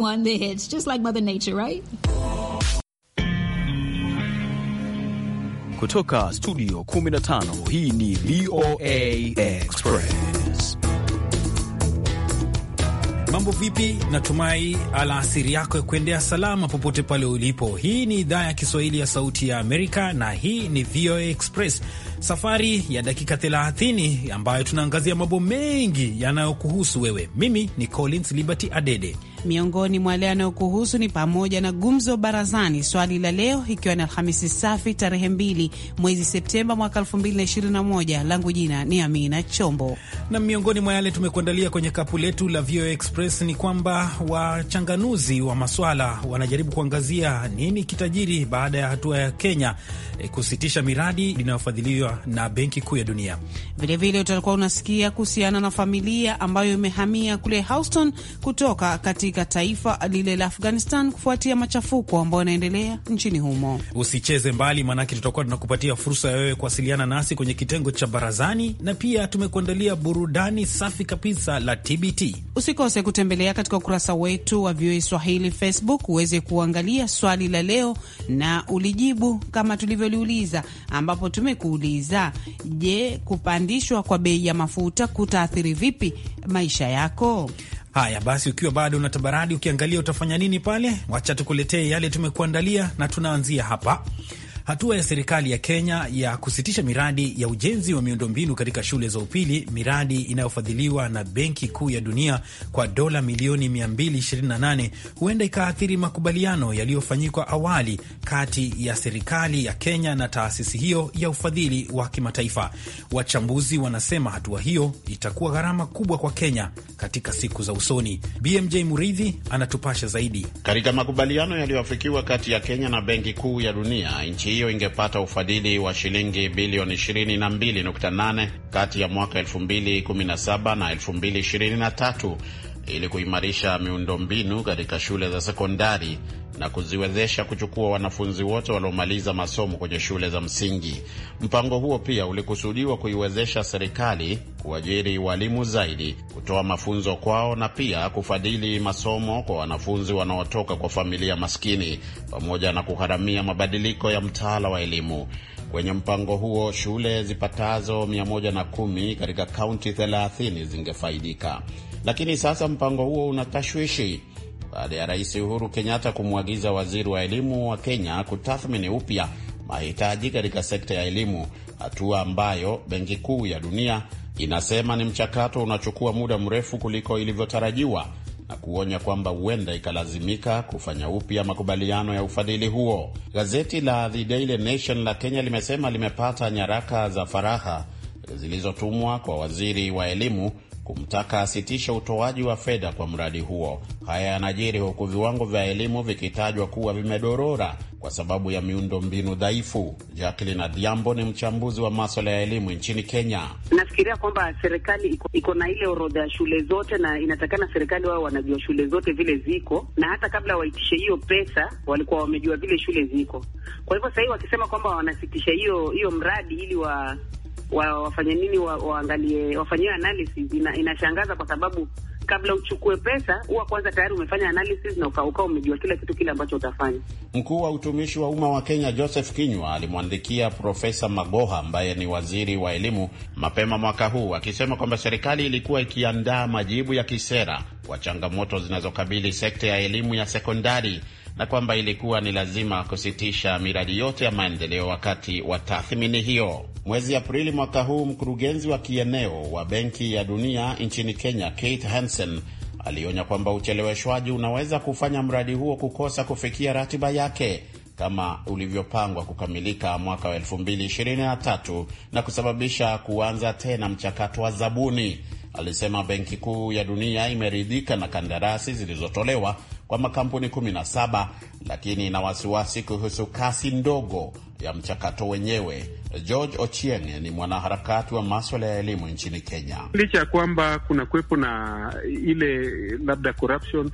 One, that hits, just like Mother Nature, right? Kutoka studio 15 hii ni VOA Express. Mambo vipi? Natumai alasiri yako ya kuendea salama popote pale ulipo. Hii ni idhaa ya Kiswahili ya Sauti ya Amerika na hii ni VOA Express, safari ya dakika 30 ambayo tunaangazia mambo mengi yanayokuhusu wewe. Mimi ni Collins Liberty Adede Miongoni mwa yale yanayokuhusu ni pamoja na gumzo barazani, swali la leo, ikiwa ni Alhamisi safi tarehe 2 mwezi Septemba mwaka moja. Langu jina ni Amina Chombo, na miongoni mwa yale tumekuandalia kwenye kapu letu la VOA Express ni kwamba wachanganuzi wa maswala wanajaribu kuangazia nini kitajiri baada ya hatua ya Kenya eh, kusitisha miradi inayofadhiliwa na Benki Kuu ya Dunia. Vilevile utakuwa unasikia kuhusiana na familia ambayo imehamia kule Houston kutoka kati katika taifa lile la Afghanistan kufuatia machafuko ambayo yanaendelea nchini humo. Usicheze mbali, maanake tutakuwa tunakupatia fursa ya wewe kuwasiliana nasi kwenye kitengo cha barazani, na pia tumekuandalia burudani safi kabisa la TBT. Usikose kutembelea katika ukurasa wetu wa VOA Swahili Facebook uweze kuangalia swali la leo na ulijibu kama tulivyoliuliza, ambapo tumekuuliza je, kupandishwa kwa bei ya mafuta kutaathiri vipi maisha yako? Haya basi, ukiwa bado una tabaradi, ukiangalia utafanya nini pale, wacha tukuletee yale tumekuandalia, na tunaanzia hapa Hatua ya serikali ya Kenya ya kusitisha miradi ya ujenzi wa miundombinu katika shule za upili, miradi inayofadhiliwa na Benki Kuu ya Dunia kwa dola milioni 228, huenda ikaathiri makubaliano yaliyofanyikwa awali kati ya serikali ya Kenya na taasisi hiyo ya ufadhili wa kimataifa. Wachambuzi wanasema hatua hiyo itakuwa gharama kubwa kwa Kenya katika siku za usoni. BMJ Muridhi anatupasha zaidi. Katika makubaliano yaliyoafikiwa kati ya Kenya na Benki Kuu ya Dunia, nchi hiyo ingepata ufadhili wa shilingi bilioni 22.8 kati ya mwaka 2017 na 2023 ili kuimarisha miundombinu katika shule za sekondari na kuziwezesha kuchukua wanafunzi wote waliomaliza masomo kwenye shule za msingi. Mpango huo pia ulikusudiwa kuiwezesha serikali kuajiri walimu zaidi, kutoa mafunzo kwao na pia kufadhili masomo kwa wanafunzi wanaotoka kwa familia maskini, pamoja na kugharamia mabadiliko ya mtaala wa elimu. Kwenye mpango huo shule zipatazo 110 katika kaunti 30 zingefaidika lakini sasa mpango huo una tashwishi baada ya Rais Uhuru Kenyatta kumwagiza waziri wa elimu wa Kenya kutathmini upya mahitaji katika sekta ya elimu, hatua ambayo Benki Kuu ya Dunia inasema ni mchakato unachukua muda mrefu kuliko ilivyotarajiwa na kuonya kwamba huenda ikalazimika kufanya upya makubaliano ya ufadhili huo. Gazeti la The Daily Nation la Kenya limesema limepata nyaraka za faragha zilizotumwa kwa waziri wa elimu kumtaka asitishe utoaji wa fedha kwa mradi huo. Haya yanajiri huku viwango vya elimu vikitajwa kuwa vimedorora kwa sababu ya miundo mbinu dhaifu. Jacqueline Adhiambo ni mchambuzi wa maswala ya elimu nchini Kenya. Nafikiria kwamba serikali iko na ile orodha ya shule zote, na inatakana serikali wao wanajua shule zote vile ziko, na hata kabla waitishe hiyo pesa walikuwa wamejua vile shule ziko. Kwa hivyo sahii wakisema kwamba wanasitisha hiyo hiyo mradi ili wa wa, wafanye nini wa, waangalie wafanyie analysis. Ina, inashangaza kwa sababu kabla uchukue pesa huwa kwanza tayari umefanya analysis na ukauka umejua kila kitu kile ambacho utafanya. Mkuu wa utumishi wa umma wa Kenya Joseph kinywa alimwandikia Profesa Magoha ambaye ni waziri wa elimu mapema mwaka huu akisema kwamba serikali ilikuwa ikiandaa majibu ya kisera kwa changamoto zinazokabili sekta ya elimu ya sekondari na kwamba ilikuwa ni lazima kusitisha miradi yote ya maendeleo wakati wa tathmini hiyo. Mwezi Aprili mwaka huu, mkurugenzi wa kieneo wa Benki ya Dunia nchini Kenya, Kate Hansen, alionya kwamba ucheleweshwaji unaweza kufanya mradi huo kukosa kufikia ratiba yake kama ulivyopangwa kukamilika mwaka wa 2023 na kusababisha kuanza tena mchakato wa zabuni. Alisema Benki Kuu ya Dunia imeridhika na kandarasi zilizotolewa kwa makampuni 17 lakini ina wasiwasi kuhusu kasi ndogo ya mchakato wenyewe. George Ochieng ni mwanaharakati wa maswala ya elimu nchini Kenya. Licha ya kwamba kuna kuwepo na ile labda corruption,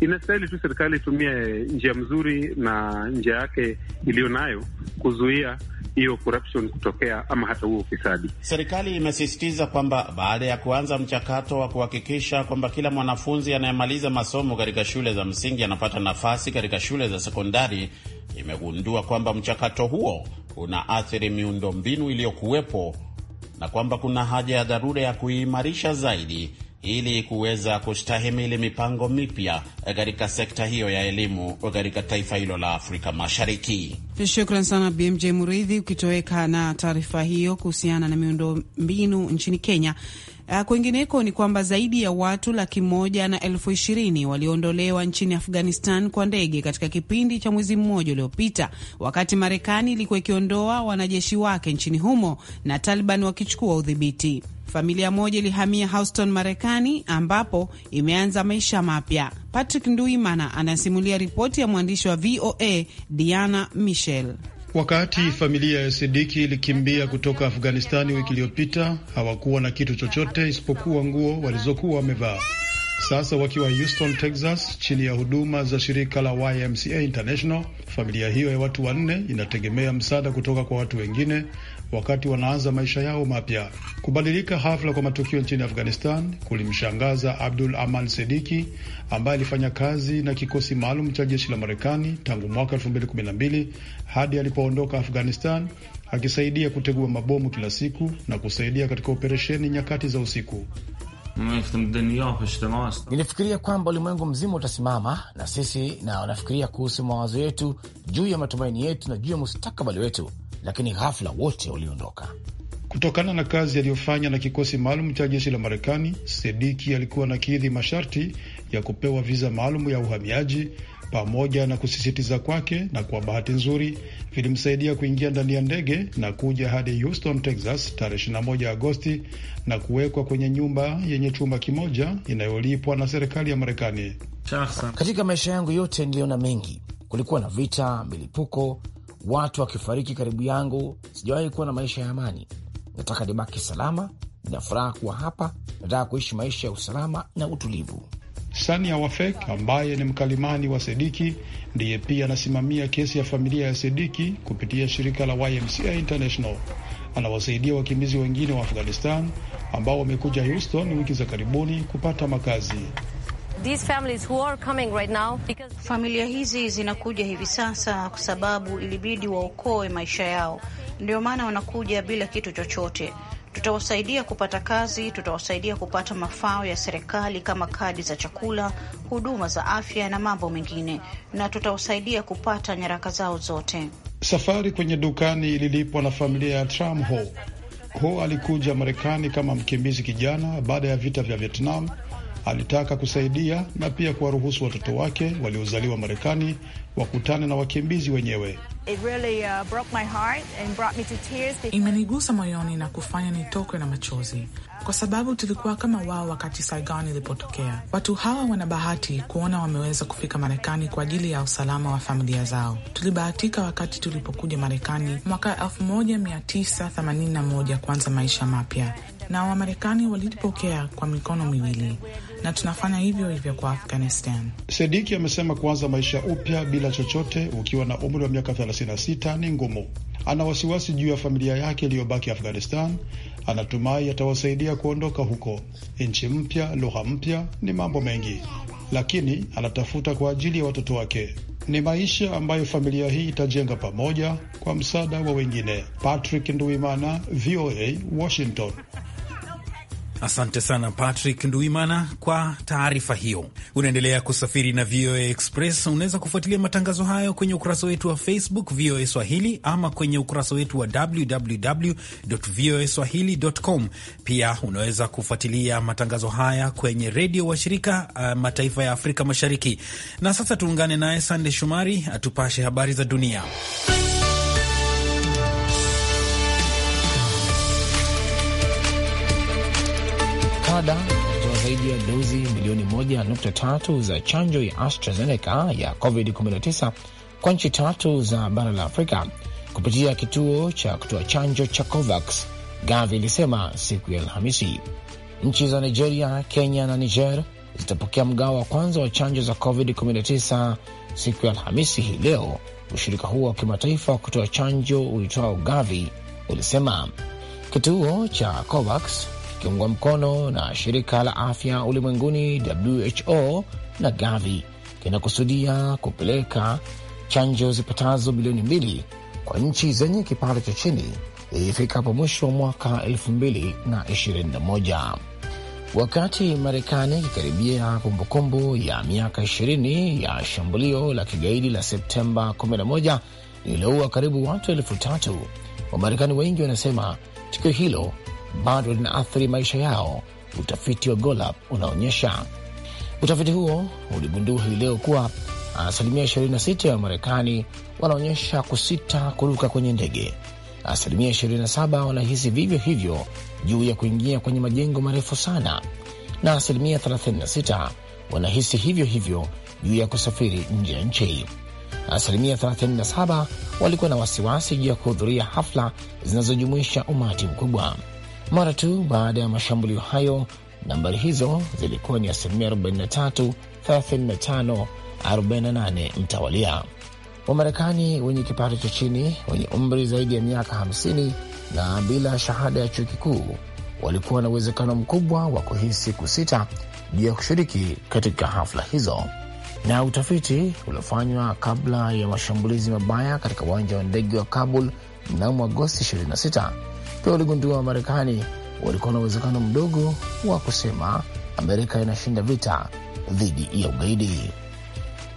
inastahili tu serikali itumie njia mzuri na njia yake iliyo nayo kuzuia hiyo corruption kutokea ama hata huo ufisadi. Serikali imesisitiza kwamba baada ya kuanza mchakato wa kuhakikisha kwamba kila mwanafunzi anayemaliza masomo katika shule za msingi anapata nafasi katika shule za sekondari imegundua kwamba mchakato huo unaathiri miundo mbinu iliyokuwepo na kwamba kuna haja ya dharura ya kuiimarisha zaidi ili kuweza kustahimili mipango mipya katika sekta hiyo ya elimu katika taifa hilo la Afrika Mashariki. Shukran sana BMJ Muridhi, ukitoweka na taarifa hiyo kuhusiana na miundo mbinu nchini Kenya. Ah, kwingineko ni kwamba zaidi ya watu laki moja na elfu ishirini waliondolewa nchini Afghanistan kwa ndege katika kipindi cha mwezi mmoja uliopita, wakati Marekani ilikuwa ikiondoa wanajeshi wake nchini humo na Taliban wakichukua udhibiti. Familia moja ilihamia Houston, Marekani, ambapo imeanza maisha mapya. Patrick Nduimana anasimulia ripoti ya mwandishi wa VOA Diana Michel. Wakati familia ya Sidiki ilikimbia kutoka Afghanistani wiki iliyopita, hawakuwa na kitu chochote isipokuwa nguo walizokuwa wamevaa. Sasa wakiwa Houston, Texas, chini ya huduma za shirika la YMCA International, familia hiyo ya watu wanne inategemea msaada kutoka kwa watu wengine wakati wanaanza maisha yao mapya. Kubadilika hafla kwa matukio nchini Afghanistan kulimshangaza Abdul Aman Sediki ambaye alifanya kazi na kikosi maalum cha jeshi la Marekani tangu mwaka 2012 hadi alipoondoka Afghanistan akisaidia kutegua mabomu kila siku na kusaidia katika operesheni nyakati za usiku. Nilifikiria kwamba ulimwengu mzima utasimama na sisi na wanafikiria kuhusu mawazo yetu juu ya matumaini yetu na juu ya mustakabali wetu lakini ghafla wote waliondoka. Kutokana na kazi aliyofanya na kikosi maalum cha jeshi la Marekani, Sediki alikuwa na masharti ya kupewa viza maalum ya uhamiaji pamoja na kusisitiza kwake, na kwa bahati nzuri vilimsaidia kuingia ndani ya ndege na kuja hadi Houston, Texas tarehe 21 Agosti na kuwekwa kwenye nyumba yenye chumba kimoja inayolipwa na serikali ya Marekani. Katika maisha yangu yote niliona mengi, kulikuwa na vita, milipuko watu wakifariki karibu yangu, sijawahi kuwa na maisha ya amani. Nataka nibaki salama, nina furaha kuwa hapa, nataka kuishi maisha ya usalama na utulivu. Sania Wafek ambaye ni mkalimani wa Sediki ndiye pia anasimamia kesi ya familia ya Sediki kupitia shirika la YMCA International. Anawasaidia wakimbizi wengine wa Afghanistan ambao wamekuja Houston wiki za karibuni kupata makazi these families who are coming right now because... familia hizi zinakuja hivi sasa kwa sababu ilibidi waokoe maisha yao, ndio maana wanakuja bila kitu chochote. Tutawasaidia kupata kazi, tutawasaidia kupata mafao ya serikali kama kadi za chakula, huduma za afya na mambo mengine, na tutawasaidia kupata nyaraka zao zote. Safari kwenye dukani ililipwa na familia ya Tram Ho. Ho alikuja Marekani kama mkimbizi kijana baada ya vita vya Vietnam Alitaka kusaidia na pia kuwaruhusu watoto wake waliozaliwa Marekani wakutane na wakimbizi wenyewe. Really, uh, imenigusa moyoni na kufanya nitokwe na machozi kwa sababu tulikuwa kama wao wakati Saigon ilipotokea. Watu hawa wana bahati kuona wameweza kufika Marekani kwa ajili ya usalama wa familia zao. Tulibahatika wakati tulipokuja Marekani mwaka 1981 kuanza maisha mapya na Wamarekani walitupokea kwa mikono miwili na tunafanya hivyo hivyo kwa Afghanistan. Sediki amesema kuanza maisha upya bila chochote ukiwa na umri wa miaka 36 ni ngumu, ana wasiwasi juu ya familia yake iliyobaki Afghanistan. Anatumai atawasaidia kuondoka huko. Nchi mpya, lugha mpya, ni mambo mengi, lakini anatafuta kwa ajili ya watoto wake. Ni maisha ambayo familia hii itajenga pamoja kwa msaada wa wengine. Patrick Nduimana, VOA, Washington. Asante sana Patrick Nduimana kwa taarifa hiyo. Unaendelea kusafiri na VOA Express. Unaweza kufuatilia matangazo hayo kwenye ukurasa wetu wa Facebook VOA Swahili ama kwenye ukurasa wetu wa www voa swahili.com. Pia unaweza kufuatilia matangazo haya kwenye redio wa shirika uh, mataifa ya Afrika Mashariki. Na sasa tuungane naye Sande Shumari atupashe habari za dunia. msaada kutoa zaidi ya dozi milioni 1.3 za chanjo ya AstraZeneca ya COVID-19 kwa nchi tatu za bara la Afrika kupitia kituo cha kutoa chanjo cha COVAX, Gavi ilisema siku ya Alhamisi. Nchi za Nigeria, Kenya na Niger zitapokea mgao wa kwanza wa chanjo za COVID-19 siku ya Alhamisi hii leo. Ushirika huo wa kimataifa wa kutoa chanjo uitwao Gavi ulisema kituo cha COVAX ikiungwa mkono na shirika la afya ulimwenguni WHO na Gavi kinakusudia kupeleka chanjo zipatazo bilioni mbili kwa nchi zenye kipato cha chini ifikapo mwisho wa mwaka 2021. Wakati Marekani ikikaribia kumbukumbu ya miaka 20 ya shambulio la kigaidi la Septemba 11 lililoua karibu watu elfu tatu, Wamarekani wengi wanasema tukio hilo bado linaathiri maisha yao, utafiti wa golap unaonyesha. Utafiti huo uligundua hii leo kuwa asilimia 26 ya Wamarekani wanaonyesha kusita kuruka kwenye ndege. Asilimia 27 wanahisi vivyo hivyo juu ya kuingia kwenye majengo marefu sana, na asilimia 36 wanahisi hivyo hivyo juu ya kusafiri nje ya nchi. Asilimia 37 walikuwa na wasiwasi juu ya kuhudhuria hafla zinazojumuisha umati mkubwa. Mara tu baada ya mashambulio hayo, nambari hizo zilikuwa ni asilimia 43, 35, 48 mtawalia. Wamarekani wenye kipato cha chini wenye umri zaidi ya miaka 50 na bila shahada ya chuo kikuu walikuwa na uwezekano mkubwa wa kuhisi kusita juu ya kushiriki katika hafla hizo. Na utafiti uliofanywa kabla ya mashambulizi mabaya katika uwanja wa ndege wa Kabul mnamo Agosti 26 pia waligundua Wamarekani walikuwa na uwezekano mdogo wa kusema Amerika inashinda vita dhidi ya ugaidi.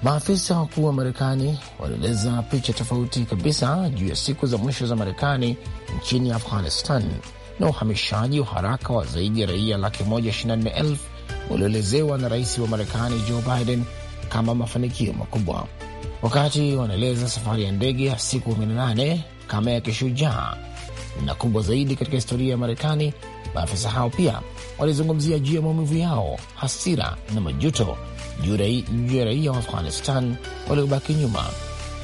Maafisa wakuu wa Marekani walieleza picha tofauti kabisa juu ya siku za mwisho za Marekani nchini Afghanistan na uhamishaji wa haraka wa zaidi ya raia laki moja ishirini na nne elfu walioelezewa na rais wa Marekani Joe Biden kama mafanikio makubwa, wakati wanaeleza safari ya ndege ya siku 18 kama ya kishujaa na kubwa zaidi katika historia ya Marekani. Maafisa hao pia walizungumzia juu ya maumivu yao, hasira na majuto juu ya raia wa Afghanistan waliobaki nyuma,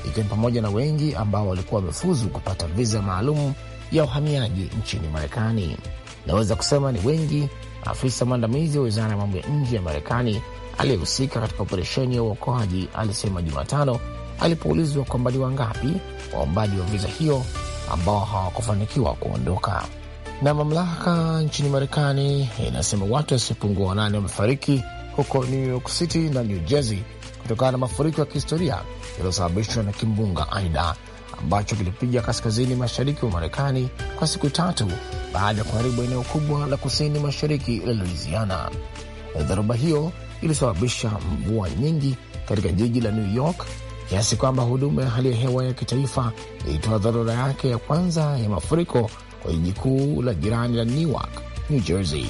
ikiwa ni pamoja na wengi ambao walikuwa wamefuzu kupata viza maalum ya uhamiaji nchini Marekani. Naweza kusema ni wengi. Afisa mwandamizi wa wizara ya mambo ya nje ya Marekani aliyehusika katika operesheni ya uokoaji alisema Jumatano alipoulizwa kwamba ni wangapi waombaji wa viza hiyo ambao hawakufanikiwa kuondoka. Na mamlaka nchini Marekani inasema watu wasiopungua wanane wamefariki huko New York City na New Jersey kutokana na mafuriko ya kihistoria yaliyosababishwa na kimbunga Aida ambacho kilipiga kaskazini mashariki wa Marekani kwa siku tatu baada ya kuharibu eneo kubwa la kusini mashariki la Louisiana. Dharuba hiyo ilisababisha mvua nyingi katika jiji la New York kiasi kwamba huduma ya hali ya hewa ya kitaifa ilitoa dharura yake ya kwanza ya mafuriko kwa jiji kuu la jirani la Newark, New Jersey.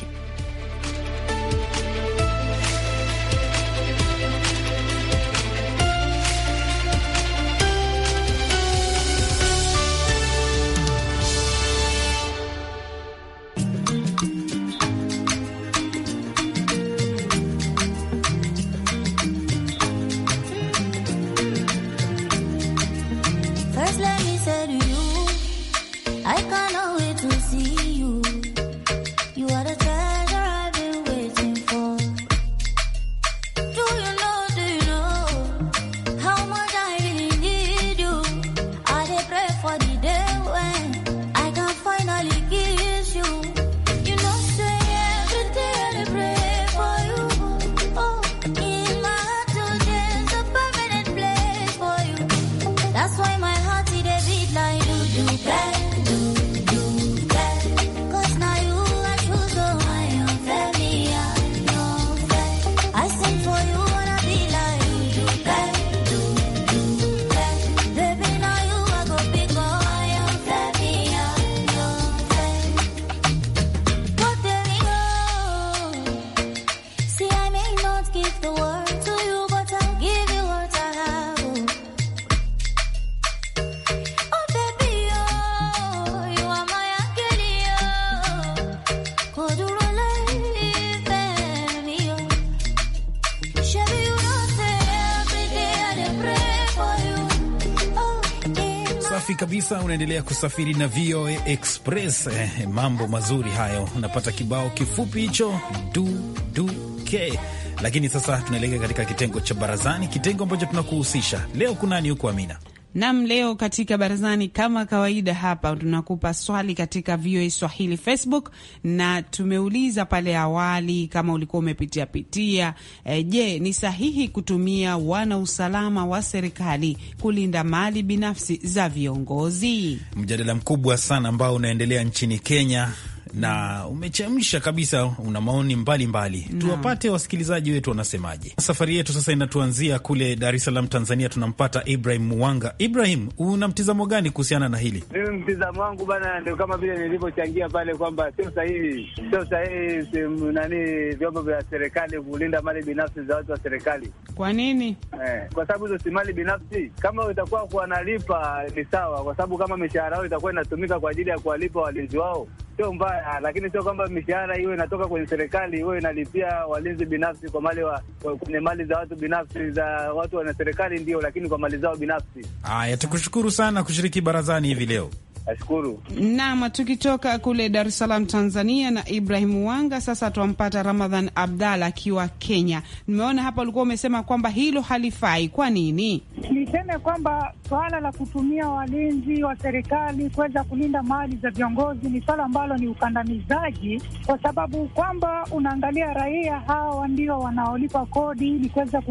kabisa, unaendelea kusafiri na VOA Express. Eh, mambo mazuri hayo. Unapata kibao kifupi hicho du du ke, lakini sasa tunaelekea katika kitengo cha barazani, kitengo ambacho tunakuhusisha leo. Kunani huko Amina? Nam, leo katika barazani, kama kawaida, hapa tunakupa swali katika VOA Swahili Facebook, na tumeuliza pale awali kama ulikuwa umepitia pitia. E, je, ni sahihi kutumia wana usalama wa serikali kulinda mali binafsi za viongozi? Mjadala mkubwa sana ambao unaendelea nchini Kenya na umechemsha kabisa, una maoni mbalimbali. Tuwapate wasikilizaji wetu wanasemaje. Safari yetu sasa inatuanzia kule Dar es Salaam, Tanzania. Tunampata Ibrahim Muwanga. Ibrahim, una mtizamo gani kuhusiana na hili? Mimi mtizamo wangu bana, ndio kama vile nilivyochangia pale kwamba sio sahihi, sio sahihi nani vyombo vya serikali kulinda mali binafsi za watu wa serikali. Kwa nini? Eh, kwa sababu hizo si mali binafsi. Kama itakuwa kuwanalipa ni sawa, kwa sababu kama mishahara yao itakuwa inatumika kwa ajili ya kuwalipa walinzi wao sio mbaya, lakini sio kwamba mishahara iwe inatoka kwenye serikali iwe inalipia walinzi binafsi kwa mali wa, kwenye mali za watu binafsi za watu wana serikali ndio, lakini kwa mali zao binafsi. Haya, tukushukuru sana kushiriki barazani hivi leo. Nashukuru. Naam, tukitoka kule Dar es Salaam Tanzania na Ibrahimu Wanga, sasa tuampata Ramadhan Abdalla akiwa Kenya. Nimeona hapa ulikuwa umesema kwamba hilo halifai, kwa nini? Niseme kwamba swala la kutumia walinzi wa serikali kuweza kulinda mali za viongozi ni swala ambalo ni ukandamizaji, kwa sababu kwamba unaangalia raia hawa ndio wanaolipa kodi ili kuweza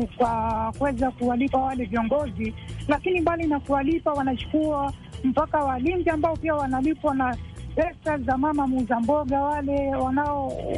kuweza kuwalipa wale viongozi, lakini mbali na kuwalipa wanachukua mpaka walinzi ambao pia wanalipwa na pesa za mama muuza mboga, wale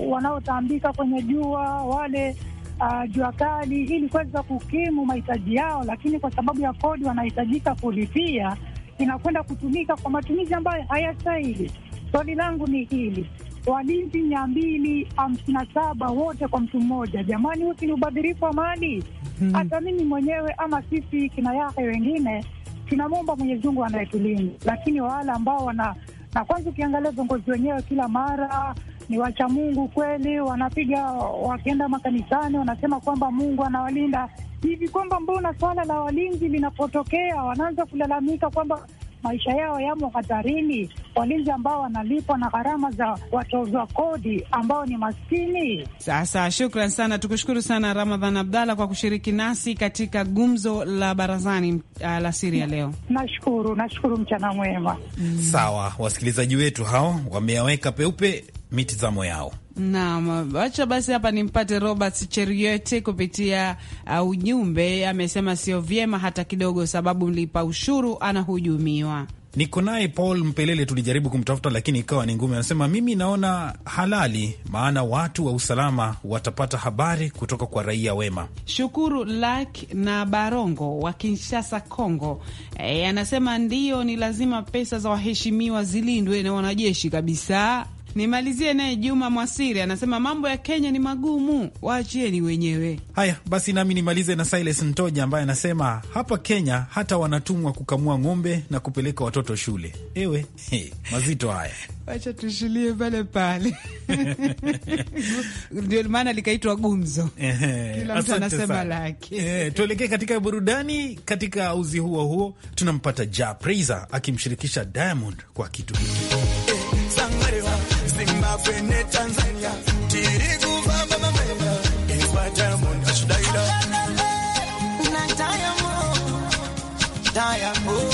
wanaotambika wanao kwenye jua, wale uh, jua kali, ili kuweza kukimu mahitaji yao, lakini kwa sababu ya kodi wanahitajika kulipia, inakwenda kutumika kwa matumizi ambayo hayastahili. Swali langu ni hili walinzi mia mbili hamsini na saba wote kwa mtu mmoja, jamani, si ni ubadhirifu wa mali. Hmm. Hata mimi mwenyewe ama sisi kina wengine tunamwomba Mwenyezi Mungu anayetulinda, lakini wale ambao wana na kwanza, ukiangalia viongozi wenyewe kila mara ni wacha Mungu kweli, wanapiga wakienda makanisani wanasema kwamba Mungu anawalinda hivi, kwamba mbona swala la walinzi linapotokea wanaanza kulalamika kwamba maisha yao yamo hatarini. Walinzi ambao wanalipwa na gharama za watozwa kodi ambao ni maskini. Sasa shukran sana, tukushukuru sana Ramadhan Abdalla kwa kushiriki nasi katika gumzo la barazani uh, la siri ya leo. Nashukuru, nashukuru, mchana mwema. Mm. Sawa, wasikilizaji wetu hao wameyaweka peupe mitizamo yao. Naam, wacha basi hapa nimpate Robert Cheriete kupitia uh, ujumbe. Amesema sio vyema hata kidogo, sababu mlipa ushuru anahujumiwa. Niko naye Paul Mpelele, tulijaribu kumtafuta lakini ikawa ni ngumu. Anasema mimi naona halali, maana watu wa usalama watapata habari kutoka kwa raia wema. Shukuru Lak na Barongo wa Kinshasa, Kongo, e, eh, anasema ndiyo, ni lazima pesa za waheshimiwa zilindwe na wanajeshi kabisa. Nimalizie naye Juma Mwasiri anasema mambo ya Kenya ni magumu, waachieni wenyewe. Haya basi, nami nimalize na Silas Ntoja ambaye anasema hapa Kenya hata wanatumwa kukamua ng'ombe na kupeleka watoto shule. Ewe hey, mazito haya wacha tushilie pale pale. Ndio maana likaitwa gumzo, kila mtu anasema lake. Tuelekee katika burudani. Katika uzi huo huo tunampata Ja Prayzah akimshirikisha Diamond kwa kitu hiki Diamond.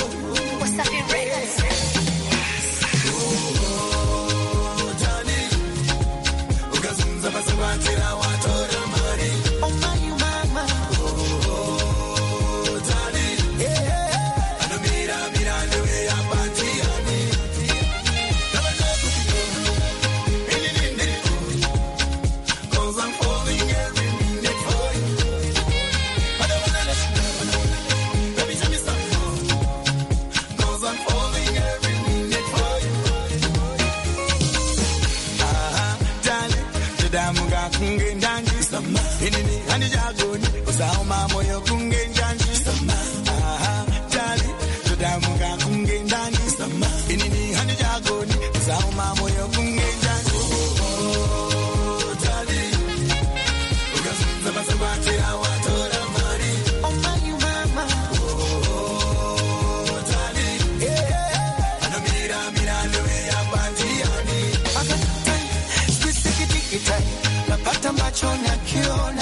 ukiona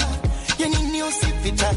ya nini usipita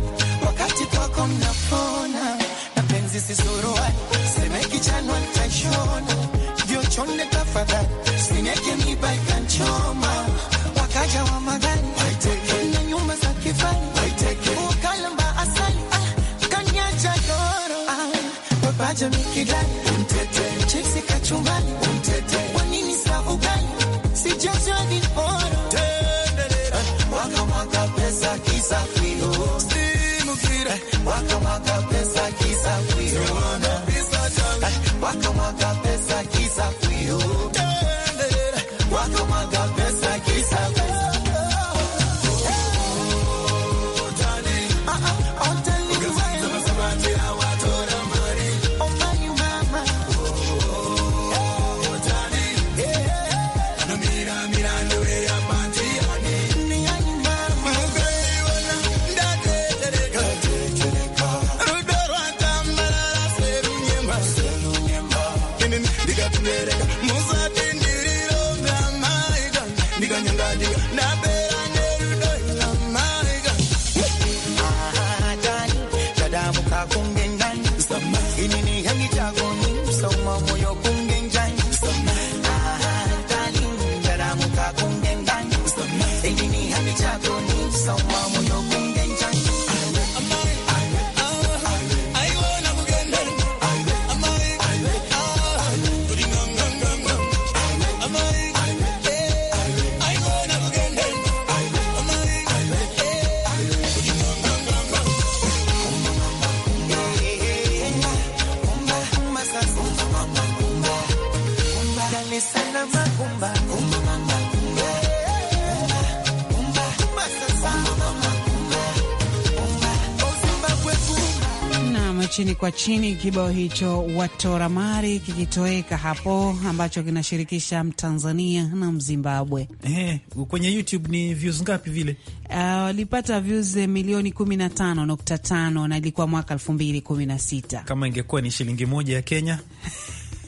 chini kwa chini, kibao hicho watoramari kikitoweka hapo, ambacho kinashirikisha Mtanzania na Mzimbabwe. He, eh, kwenye YouTube ni views ngapi vile? Uh, walipata uh, views milioni 15.5 na ilikuwa mwaka 2016. Kama ingekuwa ni shilingi moja ya Kenya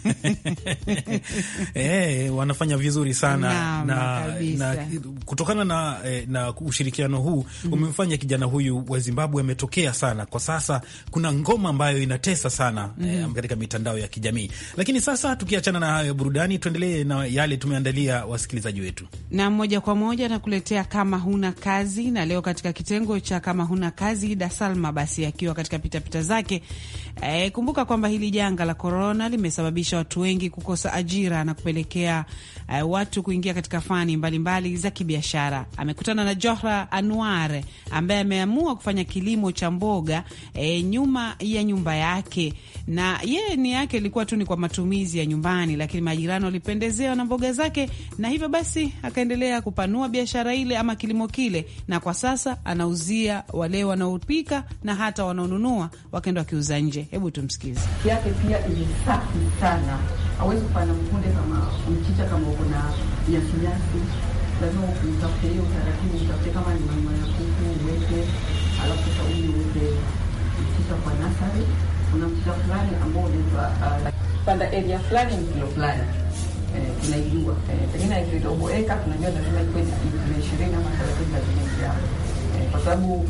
eh, wanafanya vizuri sana na, na, na kutokana na, eh, na ushirikiano huu mm, umemfanya kijana huyu wa Zimbabwe ametokea sana kwa sasa. Kuna ngoma ambayo inatesa sana mm, katika mitandao ya kijamii. Lakini sasa tukiachana na hayo burudani, tuendelee na yale tumeandalia wasikilizaji wetu, na moja kwa moja nakuletea kama huna kazi, na leo katika kitengo cha kama huna kazi, Dasalma basi akiwa katika pitapita pita zake, eh, kumbuka kwamba hili janga la korona limesababisha kusababisha watu wengi kukosa ajira na kupelekea uh, watu kuingia katika fani mbalimbali mbali za kibiashara. Amekutana na Johra Anwar ambaye ameamua kufanya kilimo cha mboga eh, nyuma ya nyumba yake, na yeye ni yake ilikuwa tu ni kwa matumizi ya nyumbani, lakini majirani walipendezewa na mboga zake, na hivyo basi akaendelea kupanua biashara ile ama kilimo kile, na kwa sasa anauzia wale wanaopika na hata wanaonunua wakaenda wakiuza nje. Hebu tumsikize. Yake pia ni safi sana sana. Hawezi kupanda mkunde kama mchicha, kama uko na nyasi, lazima utafute hiyo utaratibu, utafute kama ni nyama ya kuku uweke, alafu sauli uweke mchicha kwa nasari. Kuna mchicha fulani ambao unaitwa uh, panda area fulani mkilo fulani eh, tunaijua eh, pengine ikidoboeka tunajua lazima ikuwe ishirini ama thelathini za viazi, eh, kwa sababu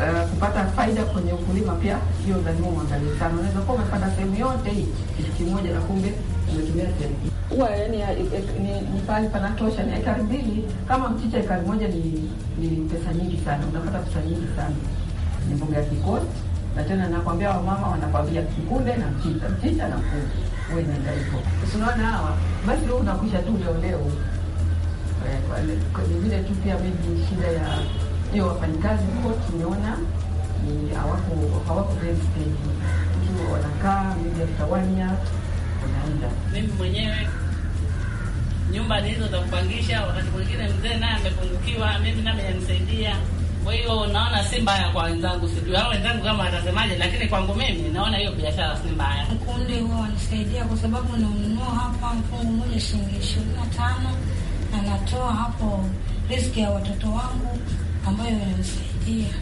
uh, kupata faida kwenye ukulima pia hiyo lazima uangalie sana. Unaweza kuwa umepata sehemu yote hii kitu kimoja na kumbe umetumia sehemu huwa yani ni pahali panatosha, ni ekari mbili. Kama mchicha ekari moja ni, ni pesa nyingi sana, unapata pesa nyingi sana. Ni mboga ya kikoti, na tena nakwambia wamama wanakwambia mkunde na mchicha, mchicha na kunde, wewe nenda hivyo, unaona hawa. Basi wewe unakwisha tu leo leo, eh, vile tu pia mimi shida ya hiyo wafanyikazi huko tumeona hawako very steady tu, wanakaa mjatawanya wanaenda. Mimi mwenyewe nyumba hizo za kupangisha, wakati mwingine mzee naye amepungukiwa, mimi nami yamsaidia Kwa hiyo naona si mbaya kwa wenzangu, sijui hao wenzangu kama watasemaje, lakini kwangu mimi naona hiyo biashara si mbaya. Mkundi huo wanisaidia kwa sababu naununua hapa mfungu mmoja shilingi ishirini na tano na natoa hapo riski ya watoto wangu ambayo yanasaidia.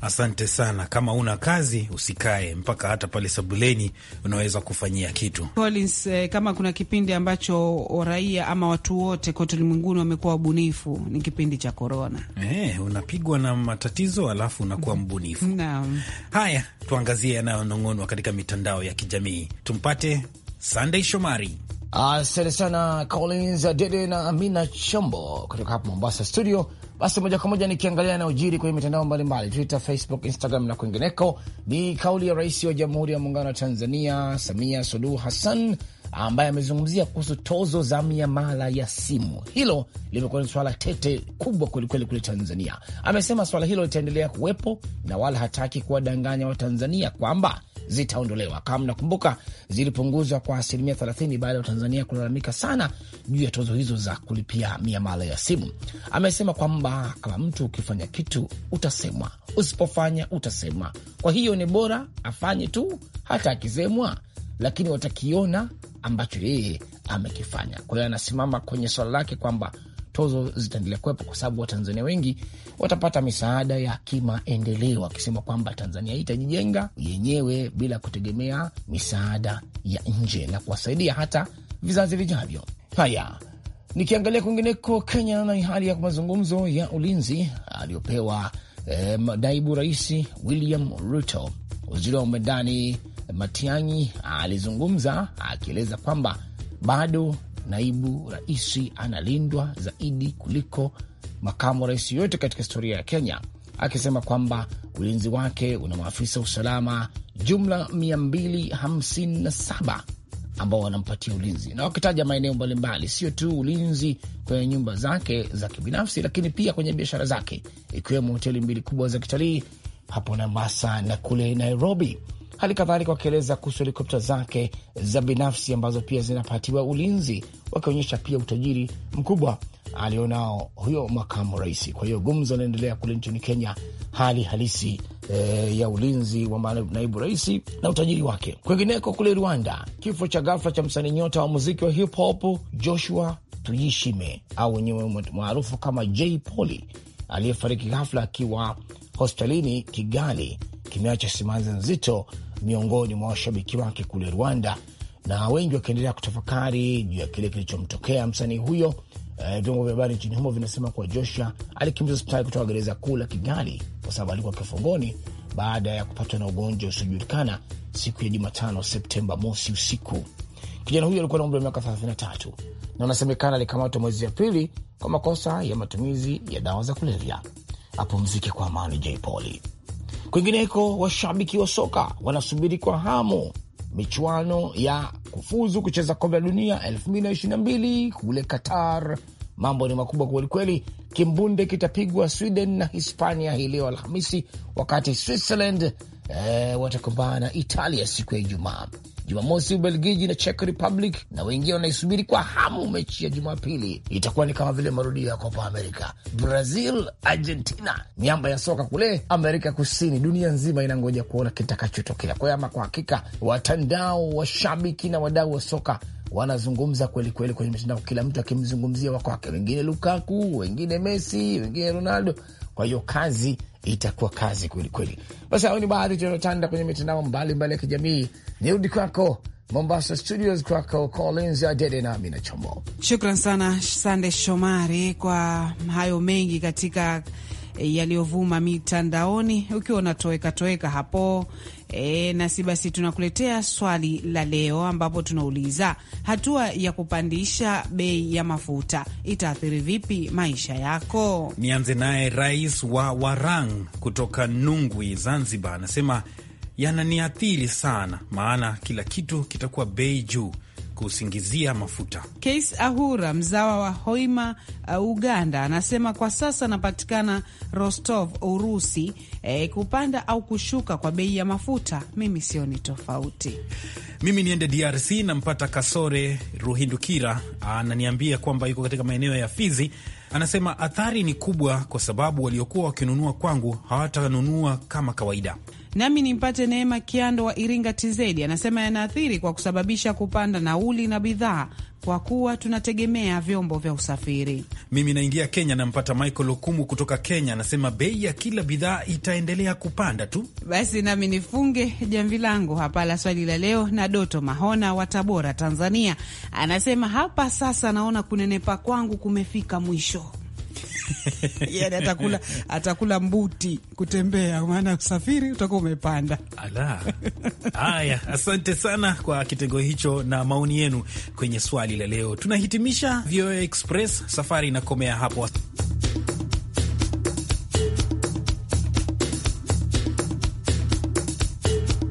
Asante sana. Kama una kazi usikae mpaka hata pale sabuleni unaweza kufanyia kitu Collins. Eh, kama kuna kipindi ambacho raia ama watu wote kote ulimwenguni wamekuwa wabunifu ni kipindi cha korona. Eh, unapigwa na matatizo alafu unakuwa mbunifu. Naam. Haya, tuangazie yanayonong'onwa katika mitandao ya kijamii. Tumpate Sunday Shomari. Asante sana Collins Adede na Amina Chombo kutoka hapa Mombasa studio. Basi moja kwa moja nikiangalia ujiri kwenye mitandao mbalimbali, Twitter, Facebook, Instagram na kwingineko, ni kauli ya Rais wa Jamhuri ya Muungano wa Tanzania Samia Suluhu Hassan ambaye amezungumzia kuhusu tozo za miamala ya simu. Hilo limekuwa ni swala tete kubwa kwelikweli kule Tanzania. Amesema swala hilo litaendelea kuwepo na wala hataki kuwadanganya Watanzania kwamba zitaondolewa. Kama mnakumbuka, zilipunguzwa kwa asilimia 30 baada ya Watanzania kulalamika sana juu ya tozo hizo za kulipia miamala ya simu. Amesema kwamba kama mtu ukifanya kitu utasemwa, usipofanya utasemwa. Kwa hiyo ni bora afanye tu hata akisemwa, lakini watakiona ambacho yeye amekifanya. Kwa hiyo anasimama kwenye swala lake kwamba tozo zitaendelea kuwepo kwa sababu Watanzania wengi watapata misaada ya kimaendeleo, akisema kwamba Tanzania hii itajijenga yenyewe bila kutegemea misaada ya nje na kuwasaidia hata vizazi vijavyo. Haya, nikiangalia kwingineko, Kenya na hali ya mazungumzo ya ulinzi aliyopewa eh, naibu rais William Ruto, waziri wa mambo ya ndani Matiang'i alizungumza akieleza kwamba bado naibu rais analindwa zaidi kuliko makamu wa rais yoyote katika historia ya Kenya, akisema kwamba ulinzi wake una maafisa usalama jumla 257 ambao wanampatia ulinzi na wakitaja maeneo mbalimbali, sio tu ulinzi kwenye nyumba zake za kibinafsi, lakini pia kwenye biashara zake, ikiwemo hoteli mbili kubwa za kitalii hapo Mombasa na kule Nairobi hali kadhalika wakieleza kuhusu helikopta zake za binafsi ambazo pia zinapatiwa ulinzi, wakionyesha pia utajiri mkubwa alionao huyo makamu rais. Kwa hiyo gumzo linaendelea kule nchini Kenya, hali halisi e, ya ulinzi wa naibu rais na utajiri wake. Kwingineko kule Rwanda, kifo cha ghafla cha msanii nyota wa muziki wa hip hop Joshua Tuyishime au wenyewe maarufu kama J Poli aliyefariki ghafla akiwa hospitalini Kigali kimeacha simanzi nzito miongoni mwa washabiki wake kule Rwanda, na wengi wakiendelea kutafakari juu ya kile kilichomtokea msanii huyo. Uh, vyombo vya habari nchini humo vinasema kuwa Joshua alikimbiza hospitali kutoka gereza kuu la Kigali kwa sababu alikuwa kifungoni baada ya kupatwa na ugonjwa usiojulikana siku ya Jumatano, Septemba mosi usiku. Kijana huyo alikuwa na umri wa miaka 33 na anasemekana alikamatwa mwezi Aprili kwa makosa ya matumizi ya dawa za kulevya. Apumzike kwa amani, Jay Kwingineko, washabiki wa soka wanasubiri kwa hamu michuano ya kufuzu kucheza kombe la dunia 2022 kule Qatar. Mambo ni makubwa kwelikweli. Kimbunde kitapigwa Sweden na Hispania hii leo Alhamisi, wakati Switzerland eh, watakumbana na Italia siku ya Ijumaa. Jumamosi Ubelgiji na Czech Republic, na wengine wanaisubiri kwa hamu mechi ya Jumapili. Itakuwa ni kama vile marudio ya Kopa Amerika, Brazil Argentina, miamba ya soka kule Amerika Kusini. Dunia nzima inangoja kuona kitakachotokea. Kwa hiyo ama kwa hakika, watandao washabiki na wadau wa soka wanazungumza kweli kweli kwenye mitandao, kila mtu akimzungumzia wakwake, wengine Lukaku, wengine Messi, wengine Ronaldo. Kwa hiyo kazi itakuwa kazi kwelikweli. Basi hao ni baadhi tunayotanda kwenye mitandao mbalimbali ya kijamii. Nirudi kwako Mombasa studios kwako Collins Adede na Amina Chombo. Shukran sana Sande Shomari kwa hayo mengi katika e, yaliyovuma mitandaoni ukiwa unatoweka toweka hapo e, eh, nasi basi tunakuletea swali la leo ambapo tunauliza hatua ya kupandisha bei ya mafuta itaathiri vipi maisha yako? Nianze naye Rais wa Warang kutoka Nungwi, Zanzibar, anasema yananiathiri sana, maana kila kitu kitakuwa bei juu kusingizia mafuta. Case Ahura, mzawa wa Hoima, uh, Uganda, anasema kwa sasa anapatikana Rostov, Urusi e, kupanda au kushuka kwa bei ya mafuta, mimi sioni tofauti. Mimi niende DRC, nampata Kasore Ruhindukira, ananiambia kwamba yuko katika maeneo ya Fizi. Anasema athari ni kubwa kwa sababu waliokuwa wakinunua kwangu hawatanunua kama kawaida. Nami nimpate Neema Kiando wa Iringa TZ, anasema yanaathiri kwa kusababisha kupanda nauli na bidhaa kwa kuwa tunategemea vyombo vya usafiri. Mimi naingia Kenya, nampata Michael Okumu kutoka Kenya, anasema bei ya kila bidhaa itaendelea kupanda tu. Basi nami nifunge jamvi langu hapa la swali la leo na Doto Mahona wa Tabora, Tanzania, anasema hapa sasa naona kunenepa kwangu kumefika mwisho. Yani atakula, atakula mbuti kutembea, maana usafiri utakuwa umepanda. Ala, haya, asante sana kwa kitengo hicho na maoni yenu kwenye swali la leo. Tunahitimisha VOA Express, safari inakomea hapo.